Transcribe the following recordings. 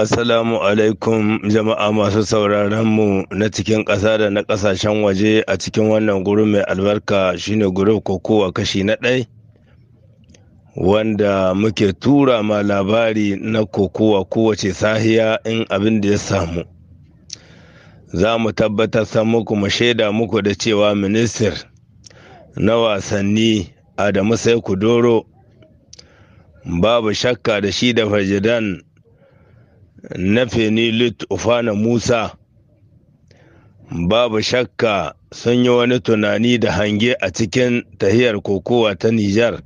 Assalamu alaikum jama'a masu sauraron mu na cikin ƙasa da na ƙasashen waje a cikin wannan gurin mai albarka shine gurin kokowa kashi na ɗai wanda muke tura ma labari na kokowa kowace sahiya in abin da ya samu. Za mu tabbatar san muku mu shaida muku da cewa ministir na wasanni Adamu Sai Kudoro babu shakka da shi da fajidan na fenilit ufana musa babu shakka sun yi wani tunani da hange a cikin tahiyar kokowa ta nijar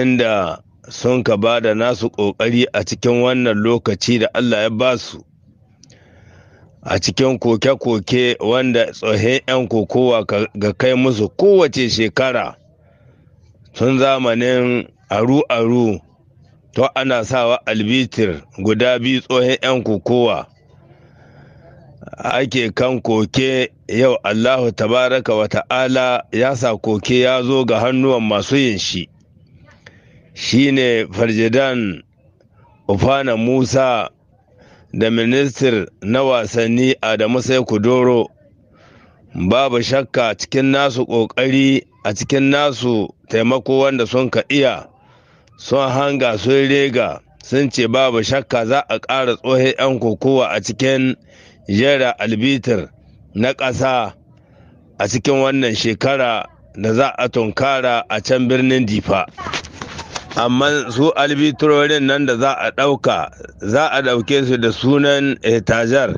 inda sun ka ba da nasu ƙoƙari a cikin wannan lokaci da allah ya ba su a cikin koke-koke wanda tsohon 'yan kokowa ga kai musu kowace shekara tun zamanin aru-aru to ana sawa albitir guda biyu tsohon 'yan kukowa ake kan koke yau allahu tabaraka wa ta'ala ya sa koke ya zo ga hannuwan masu yin shi shine farjidan ufana musa da ministir na wasanni adamu sai kudoro babu shakka cikin nasu ƙoƙari a cikin nasu taimako wanda sun ka iya sun hanga sun rega sun ce babu shakka za a ƙara tsohon 'yan kokowa a cikin jera albitar na ƙasa a cikin wannan shekara da za a tunkara a can birnin difa amma su albitrorin nan da za a ɗauka za a ɗauke su da sunan etajar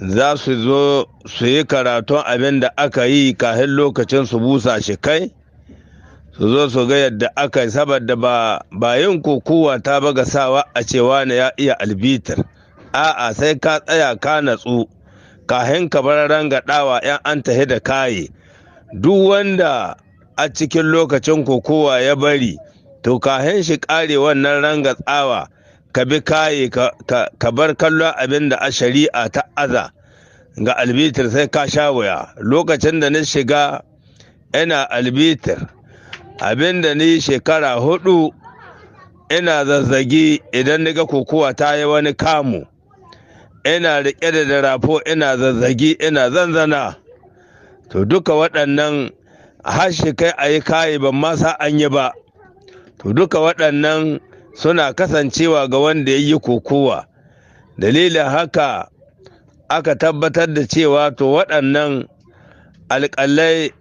za su zo su yi karatun abin da aka yi kahin lokacin su busa shi kai su zo su ga yadda aka yi saboda ba yin kokowa ta baga sawa a cewa na ya iya albitar a'a sai ka tsaya ka natsu kahin ka bar ranga dawa 'yan an tahi da kaye duk wanda a cikin lokacin kokowa ya bari to kahin shi kare wannan ranga tsawa ka bi kaye ka bar kallon abin da a shari'a ta aza ga albitar sai ka sha wuya lokacin da na shiga ina albitar. Abin da ni shekara hudu ina zazzagi idan niga kokowa ta yi wani kamu ina riƙe da darafo ina zazzagi ina zanzana to duka waɗannan hashi kai a yi kayi ban masa an yi ba to duka waɗannan suna kasancewa ga wanda ya yi kokowa dalilin haka aka tabbatar da cewa to waɗannan alƙalai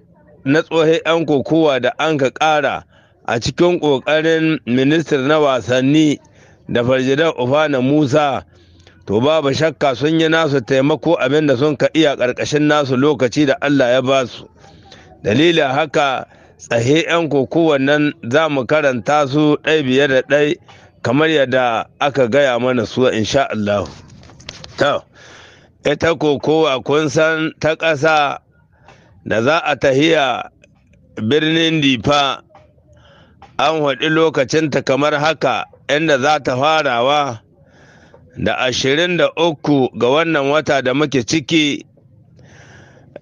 na tsohon 'yan kokowa da an ka ƙara a cikin ƙoƙarin ministar na wasanni da farjidan ofana musa to babu shakka sun yi nasu taimako abin da sun ka iya ƙarƙashin nasu lokaci da allah ya ba su dalilin haka tsahe 'yan kokowa nan za mu karanta su ɗai biye da ɗai kamar yadda aka gaya mana su insha allahu ita kokowa kun san ta ƙasa da za a tahiya birnin difa an haɗi lokacinta kamar haka inda za ta farawa da ashirin da uku ga wannan wata da muke ciki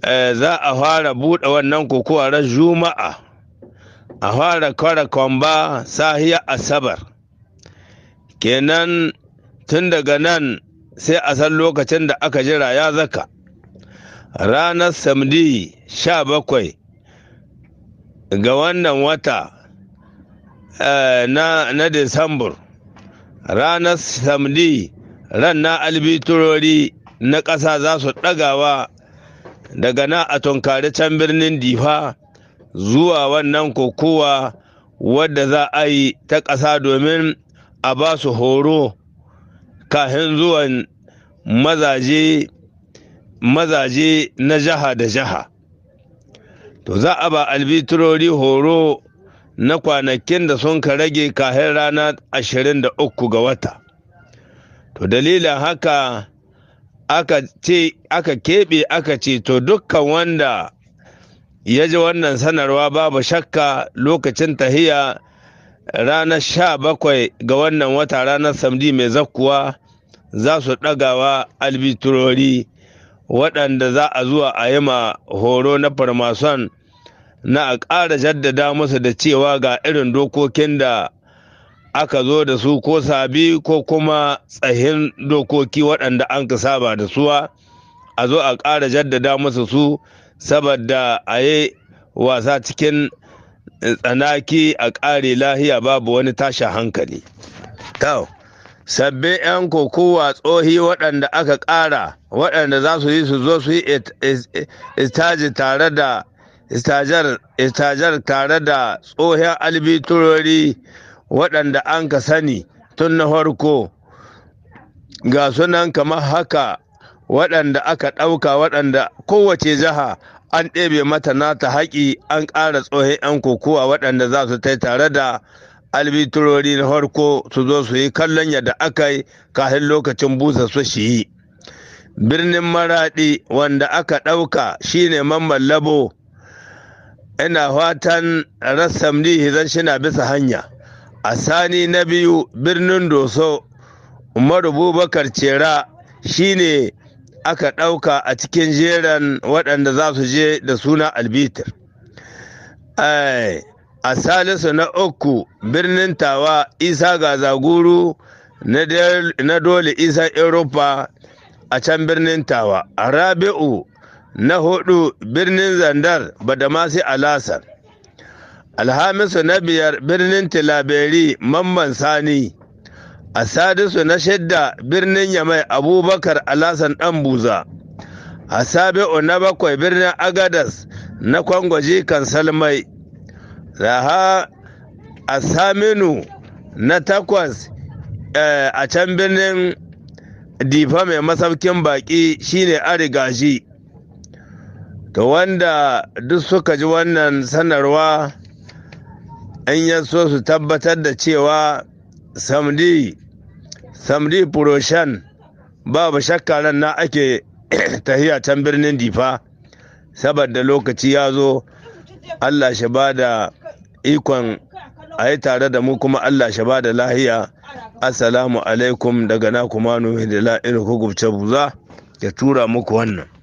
eh, za a fara buɗe wannan kukuwar juma'a a fara kwara kwamba sahiya asabar kenan tun daga nan sai a san lokacin da aka jira ya zaka ranar samdi sha bakwai ga wannan wata eh, na, Disambar ranar samdi ran na albiturori na ƙasa za su ɗagawa daga na a tunkari can birnin difa zuwa wannan kokowa wadda za a yi ta ƙasa domin a ba su horo kahin zuwan mazaje mazaje na jaha da jaha to za a ba albitirori horo na kwanakin da sun ka rage kahin rana 23 ga wata to dalilin haka aka ce aka keɓe aka ce to dukkan wanda ya ji wannan sanarwa babu shakka lokacin tahiya ranar sha bakwai ga wannan wata ranar samdi mai zakkuwa za su ɗagawa albiturori waɗanda za a zuwa a yi ma horo na farmason na a ƙara jaddada musu da cewa ga irin dokokin da aka zo da su ko sabi ko kuma tsahin dokoki waɗanda an ka saba da suwa a zo a ƙara jaddada masa su saboda a yi wasa cikin tsanaki a ƙare lahiya babu wani tashin hankali. sabbin 'yan kokowa tsohi waɗanda aka ƙara waɗanda za su yi su zo su yi istaji tare da istajar tare da tsohiyar albiturori waɗanda an ka sani tun na farko ga sunan kamar haka waɗanda aka ɗauka waɗanda kowace jiha an ɗebe mata nata haƙi an ƙara tsohon 'yan kokowa waɗanda za su tai tare da albitirori na farko su zo su yi kallon yadda aka yi kahin lokacin busa su shi yi birnin Maradi wanda aka ɗauka shine mamman labo ina fatan rassam zan shina bisa hanya a sani na biyu birnin doso umaru bubakar cera shine aka ɗauka a cikin jeran waɗanda za su je da suna albitir a salisu na uku birnin tawa isa gazaguru na dole isa europa a can birnin tawa a rabi'u na hudu birnin zandar badamasi alasan alhamisu na biyar birnin tilaberi mamman sani a sadisu na shidda birnin yamai abubakar alasan dan buza a sabi'u na bakwai birnin agadas na kwangwaji kan salmai a saminu na takwas eh, a can birnin difa mai masaukin baki shine arigashi to wanda duk suka ji wannan sanarwa in ya so su tabbatar da cewa samdi samdi furoshan babu shakka nan na ake tahiya can birnin difa saboda lokaci ya zo allah shi ba da ikon a yi tare da mu kuma Allah shi ba da lahiya assalamu alaikum daga na kuma nuhi da la'irin hukubce buza ya tura muku wannan